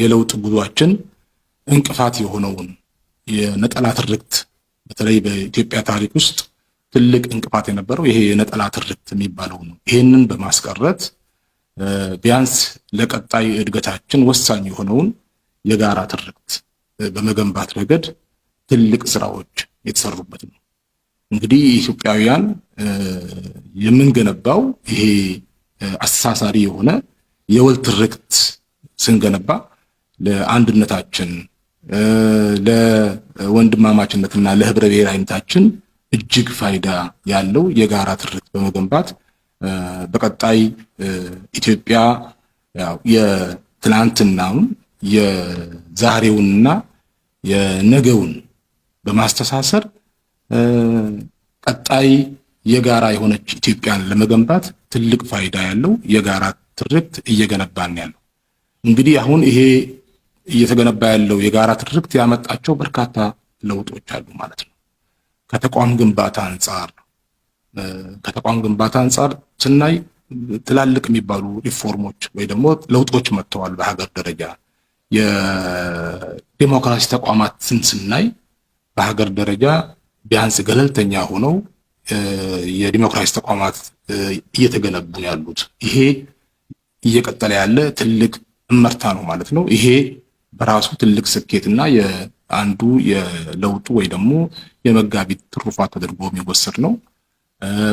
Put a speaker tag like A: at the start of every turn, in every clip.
A: የለውጥ ጉዟችን እንቅፋት የሆነውን የነጠላ ትርክት በተለይ በኢትዮጵያ ታሪክ ውስጥ ትልቅ እንቅፋት የነበረው ይሄ የነጠላ ትርክት የሚባለው ነው። ይህንን በማስቀረት ቢያንስ ለቀጣይ እድገታችን ወሳኝ የሆነውን የጋራ ትርክት በመገንባት ረገድ ትልቅ ስራዎች የተሰሩበት ነው። እንግዲህ ኢትዮጵያውያን የምንገነባው ይሄ አስተሳሳሪ የሆነ የወል ትርክት ስንገነባ ለአንድነታችን ለወንድማማችነትና ለህብረ ብሔራዊነታችን እጅግ ፋይዳ ያለው የጋራ ትርክት በመገንባት በቀጣይ ኢትዮጵያ የትናንትናውን የዛሬውንና የነገውን በማስተሳሰር ቀጣይ የጋራ የሆነች ኢትዮጵያን ለመገንባት ትልቅ ፋይዳ ያለው የጋራ ትርክት እየገነባን ያለው እንግዲህ አሁን ይሄ እየተገነባ ያለው የጋራ ትርክት ያመጣቸው በርካታ ለውጦች አሉ ማለት ነው። ከተቋም ግንባታ አንጻር ከተቋም ግንባታ አንጻር ስናይ ትላልቅ የሚባሉ ሪፎርሞች ወይ ደግሞ ለውጦች መጥተዋል። በሀገር ደረጃ የዲሞክራሲ ተቋማትን ስናይ በሀገር ደረጃ ቢያንስ ገለልተኛ ሆነው የዲሞክራሲ ተቋማት እየተገነቡ ያሉት ይሄ እየቀጠለ ያለ ትልቅ እመርታ ነው ማለት ነው። ይሄ በራሱ ትልቅ ስኬትና አንዱ የለውጡ ወይ ደግሞ የመጋቢት ትሩፋት ተደርጎ የሚወሰድ ነው።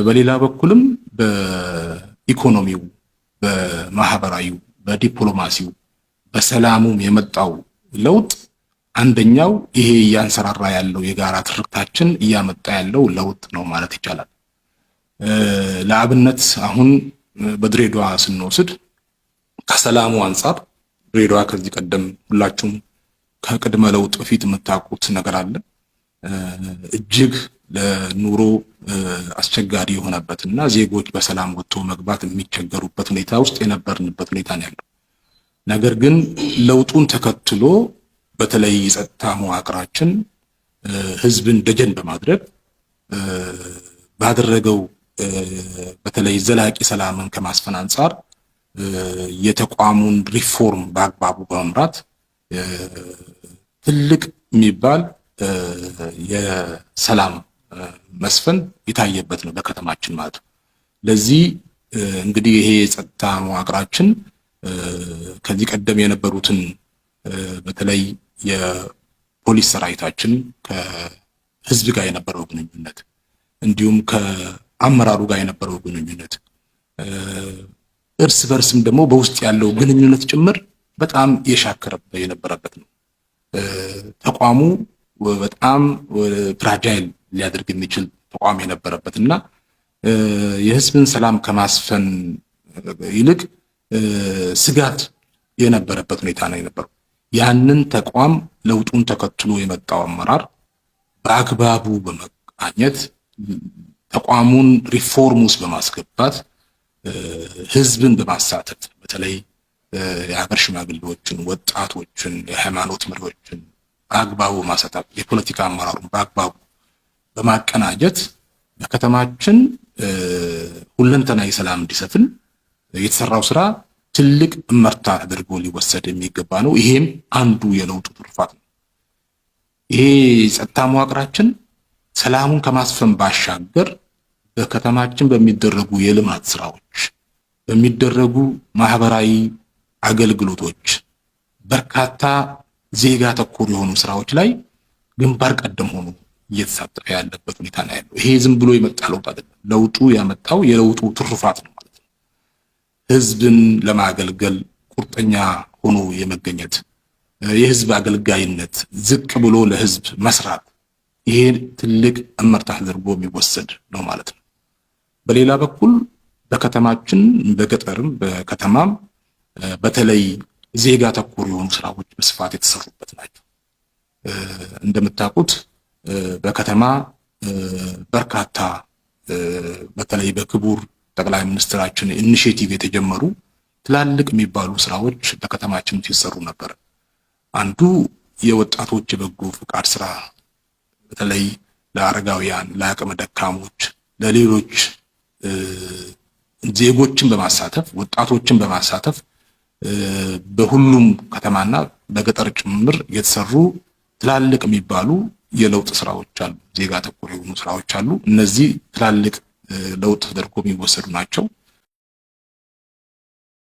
A: በሌላ በኩልም በኢኮኖሚው፣ በማህበራዊው፣ በዲፕሎማሲው፣ በሰላሙም የመጣው ለውጥ አንደኛው ይሄ እያንሰራራ ያለው የጋራ ትርክታችን እያመጣ ያለው ለውጥ ነው ማለት ይቻላል። ለአብነት አሁን በድሬዳዋ ስንወስድ ከሰላሙ አንጻር ድሬዳዋ ከዚህ ቀደም ሁላችሁም ከቅድመ ለውጥ በፊት የምታውቁት ነገር አለ። እጅግ ለኑሮ አስቸጋሪ የሆነበት እና ዜጎች በሰላም ወጥቶ መግባት የሚቸገሩበት ሁኔታ ውስጥ የነበርንበት ሁኔታ ነው ያለው። ነገር ግን ለውጡን ተከትሎ በተለይ የጸጥታ መዋቅራችን ህዝብን ደጀን በማድረግ ባደረገው በተለይ ዘላቂ ሰላምን ከማስፈን አንጻር የተቋሙን ሪፎርም በአግባቡ በመምራት ትልቅ የሚባል የሰላም መስፈን የታየበት ነው በከተማችን ማለት ነው። ለዚህ እንግዲህ ይሄ የጸጥታ መዋቅራችን ከዚህ ቀደም የነበሩትን በተለይ የፖሊስ ሰራዊታችን ከህዝብ ጋር የነበረው ግንኙነት እንዲሁም ከአመራሩ ጋር የነበረው ግንኙነት እርስ በርስም ደግሞ በውስጥ ያለው ግንኙነት ጭምር በጣም የሻከረ የነበረበት ነው። ተቋሙ በጣም ፍራጃይል ሊያደርግ የሚችል ተቋም የነበረበት እና የህዝብን ሰላም ከማስፈን ይልቅ ስጋት የነበረበት ሁኔታ ነው የነበረው። ያንን ተቋም ለውጡን ተከትሎ የመጣው አመራር በአግባቡ በመቃኘት ተቋሙን ሪፎርም ውስጥ በማስገባት ህዝብን በማሳተፍ በተለይ የሀገር ሽማግሌዎችን፣ ወጣቶችን፣ የሃይማኖት መሪዎችን በአግባቡ ማሳተፍ፣ የፖለቲካ አመራሩን በአግባቡ በማቀናጀት በከተማችን ሁለንተና የሰላም እንዲሰፍን የተሰራው ስራ ትልቅ እመርታ ተደርጎ ሊወሰድ የሚገባ ነው። ይሄም አንዱ የለውጡ ትሩፋት ነው። ይሄ ጸጥታ መዋቅራችን ሰላሙን ከማስፈን ባሻገር በከተማችን በሚደረጉ የልማት ስራዎች በሚደረጉ ማህበራዊ አገልግሎቶች በርካታ ዜጋ ተኮር የሆኑ ስራዎች ላይ ግንባር ቀደም ሆኖ እየተሳተፈ ያለበት ሁኔታ ነው ያለው። ይሄ ዝም ብሎ የመጣ ለውጥ አይደለም። ለውጡ ያመጣው የለውጡ ትሩፋት ነው ማለት ነው። ህዝብን ለማገልገል ቁርጠኛ ሆኖ የመገኘት የህዝብ አገልጋይነት፣ ዝቅ ብሎ ለህዝብ መስራት፣ ይሄ ትልቅ እመርታ ተደርጎ የሚወሰድ ነው ማለት ነው። በሌላ በኩል በከተማችን በገጠርም በከተማም በተለይ ዜጋ ተኮር የሆኑ ስራዎች በስፋት የተሰሩበት ናቸው። እንደምታውቁት በከተማ በርካታ በተለይ በክቡር ጠቅላይ ሚኒስትራችን ኢኒሽቲቭ የተጀመሩ ትላልቅ የሚባሉ ስራዎች በከተማችን ሲሰሩ ነበር። አንዱ የወጣቶች የበጎ ፍቃድ ስራ በተለይ ለአረጋውያን፣ ለአቅመ ደካሞች፣ ለሌሎች ዜጎችን በማሳተፍ ወጣቶችን በማሳተፍ በሁሉም ከተማና በገጠር ጭምር የተሰሩ ትላልቅ የሚባሉ የለውጥ ስራዎች አሉ። ዜጋ ተኮር የሆኑ ስራዎች አሉ። እነዚህ ትላልቅ ለውጥ ተደርጎ የሚወሰዱ ናቸው።